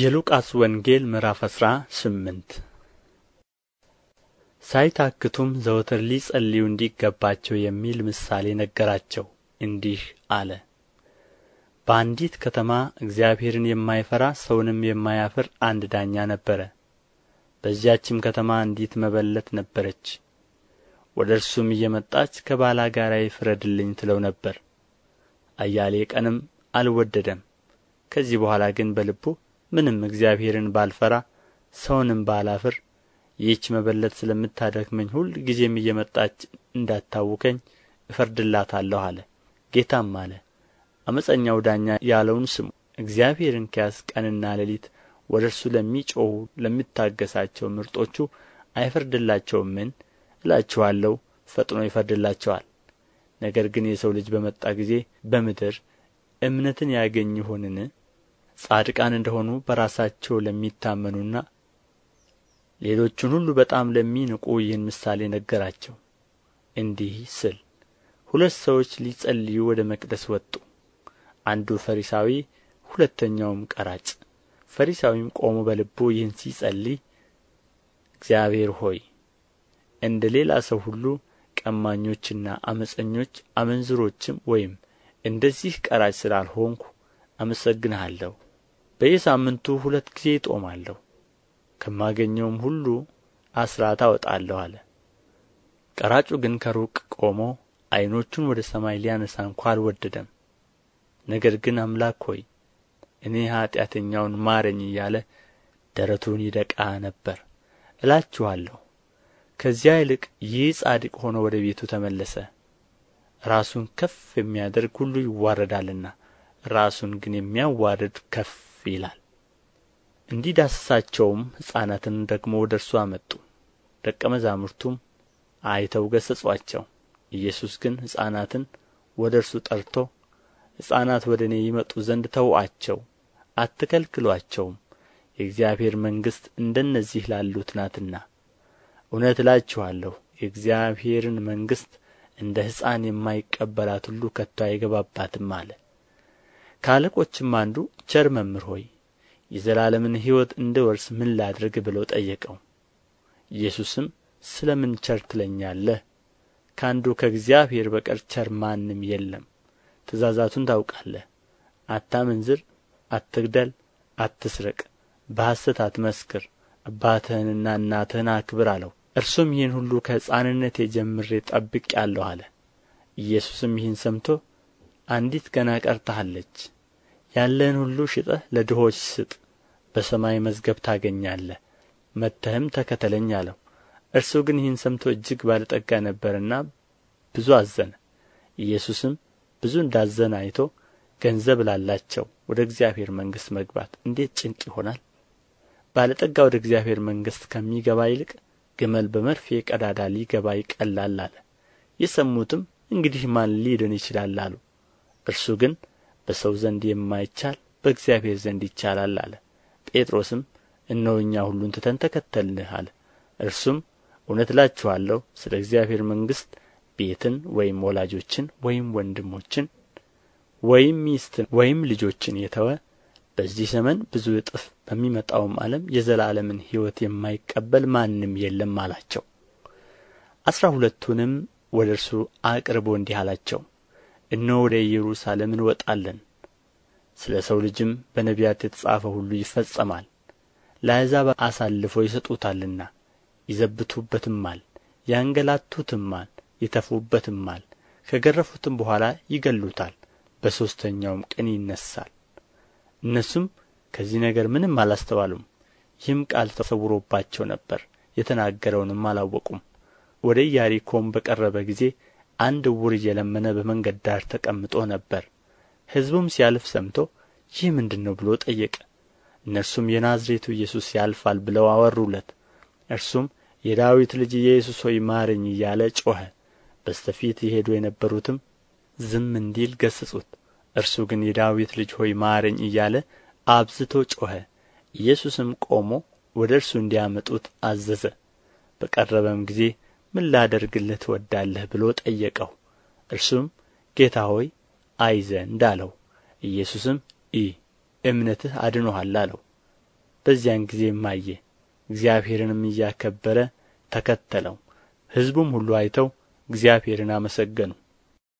የሉቃስ ወንጌል ምዕራፍ አስራ ስምንት ሳይታክቱም ዘወትር ሊጸልዩ እንዲገባቸው የሚል ምሳሌ ነገራቸው፣ እንዲህ አለ። በአንዲት ከተማ እግዚአብሔርን የማይፈራ ሰውንም የማያፍር አንድ ዳኛ ነበረ። በዚያችም ከተማ አንዲት መበለት ነበረች። ወደ እርሱም እየመጣች ጋር ይፍረድልኝ ትለው ነበር። አያሌ ቀንም አልወደደም። ከዚህ በኋላ ግን በልቡ ምንም እግዚአብሔርን ባልፈራ ሰውንም ባላፍር ይህች መበለት ስለምታደክመኝ ሁል ጊዜም እየመጣች እንዳታውከኝ እፈርድላታለሁ አለ ጌታም አለ አመፀኛው ዳኛ ያለውን ስሙ እግዚአብሔርን እንኪያስ ቀንና ሌሊት ወደ እርሱ ለሚጮኹ ለሚታገሳቸው ምርጦቹ አይፈርድላቸውምን እላችኋለሁ ፈጥኖ ይፈርድላቸዋል ነገር ግን የሰው ልጅ በመጣ ጊዜ በምድር እምነትን ያገኝ ይሆንን ጻድቃን እንደሆኑ በራሳቸው ለሚታመኑና ሌሎቹን ሁሉ በጣም ለሚንቁ ይህን ምሳሌ ነገራቸው፣ እንዲህ ስል ሁለት ሰዎች ሊጸልዩ ወደ መቅደስ ወጡ፣ አንዱ ፈሪሳዊ ሁለተኛውም ቀራጭ። ፈሪሳዊም ቆሞ በልቡ ይህን ሲጸልይ እግዚአብሔር ሆይ እንደ ሌላ ሰው ሁሉ ቀማኞችና አመፀኞች አመንዝሮችም ወይም እንደዚህ ቀራጭ ስላልሆንኩ አመሰግንሃለሁ በየሳምንቱ ሁለት ጊዜ እጦማለሁ ከማገኘውም ሁሉ አስራ አወጣለሁ አለ ቀራጩ ግን ከሩቅ ቆሞ አይኖቹን ወደ ሰማይ ሊያነሳ እንኳ አልወደደም ነገር ግን አምላክ ሆይ እኔ ኀጢአተኛውን ማረኝ እያለ ደረቱን ይደቃ ነበር እላችኋለሁ ከዚያ ይልቅ ይህ ጻድቅ ሆኖ ወደ ቤቱ ተመለሰ ራሱን ከፍ የሚያደርግ ሁሉ ይዋረዳልና ራሱን ግን የሚያዋርድ ከፍ ይላል እንዲዳስሳቸውም ሕፃናትን ደግሞ ወደ እርሱ አመጡ ደቀ መዛሙርቱም አይተው ገሠጹአቸው ኢየሱስ ግን ሕፃናትን ወደ እርሱ ጠርቶ ሕፃናት ወደ እኔ ይመጡ ዘንድ ተውአቸው፣ አትከልክሉአቸውም የእግዚአብሔር መንግሥት እንደነዚህ ላሉት ናትና እውነት እላችኋለሁ የእግዚአብሔርን መንግሥት እንደ ሕፃን የማይቀበላት ሁሉ ከቶ አይገባባትም አለ ከአለቆችም አንዱ ቸር መምህር ሆይ የዘላለምን ሕይወት ወርስ ምን ላድርግ ብሎ ጠየቀው ኢየሱስም ስለ ምን ቸር ትለኛለህ ከአንዱ ከእግዚአብሔር በቀር ቸር ማንም የለም ትእዛዛቱን ታውቃለህ አታመንዝር አትግደል አትስረቅ በሐሰት አትመስክር አባትህንና እናትህን አክብር አለው እርሱም ይህን ሁሉ ከሕፃንነቴ ጀምሬ ጠብቄአለሁ አለ ኢየሱስም ይህን ሰምቶ አንዲት ገና ቀርታሃለች ያለህን ሁሉ ሽጠህ ለድሆች ስጥ በሰማይ መዝገብ ታገኛለህ መጥተህም ተከተለኝ አለው እርሱ ግን ይህን ሰምቶ እጅግ ባለጠጋ ነበርና ብዙ አዘነ ኢየሱስም ብዙ እንዳዘነ አይቶ ገንዘብ ላላቸው ወደ እግዚአብሔር መንግሥት መግባት እንዴት ጭንቅ ይሆናል ባለጠጋ ወደ እግዚአብሔር መንግሥት ከሚገባ ይልቅ ግመል በመርፌ ቀዳዳ ሊገባ ይቀላል አለ የሰሙትም እንግዲህ ማን ሊድን ይችላል አሉ እርሱ ግን በሰው ዘንድ የማይቻል በእግዚአብሔር ዘንድ ይቻላል አለ ጴጥሮስም እነሆ እኛ ሁሉን ትተን ተከተልንህ አለ እርሱም እውነት እላችኋለሁ ስለ እግዚአብሔር መንግሥት ቤትን ወይም ወላጆችን ወይም ወንድሞችን ወይም ሚስትን ወይም ልጆችን የተወ በዚህ ዘመን ብዙ እጥፍ በሚመጣውም ዓለም የዘላለምን ሕይወት የማይቀበል ማንም የለም አላቸው። አሥራ ሁለቱንም ወደ እርሱ አቅርቦ እንዲህ አላቸው እነሆ ወደ ኢየሩሳሌም እንወጣለን ስለ ሰው ልጅም በነቢያት የተጻፈ ሁሉ ይፈጸማል ለአሕዛብ አሳልፎ ይሰጡታልና ይዘብቱበትማል ያንገላቱትማል ይተፉበትማል ከገረፉትም በኋላ ይገሉታል በሦስተኛውም ቀን ይነሣል እነሱም ከዚህ ነገር ምንም አላስተዋሉም ይህም ቃል ተሰውሮባቸው ነበር የተናገረውንም አላወቁም ወደ ኢያሪኮም በቀረበ ጊዜ አንድ ዕውር እየለመነ በመንገድ ዳር ተቀምጦ ነበር ሕዝቡም ሲያልፍ ሰምቶ ይህ ምንድን ነው ብሎ ጠየቀ እነርሱም የናዝሬቱ ኢየሱስ ያልፋል ብለው አወሩለት እርሱም የዳዊት ልጅ ኢየሱስ ሆይ ማረኝ እያለ ጮኸ በስተ ፊት የሄዱ የነበሩትም ዝም እንዲል ገሠጹት እርሱ ግን የዳዊት ልጅ ሆይ ማረኝ እያለ አብዝቶ ጮኸ ኢየሱስም ቆሞ ወደ እርሱ እንዲያመጡት አዘዘ በቀረበም ጊዜ ምን ላደርግልህ ትወዳለህ ብሎ ጠየቀው እርሱም ጌታ ሆይ አይ ዘንድ አለው ኢየሱስም እይ እምነትህ አድኖሃል አለው በዚያን ጊዜም አየ እግዚአብሔርንም እያከበረ ተከተለው ሕዝቡም ሁሉ አይተው እግዚአብሔርን አመሰገኑ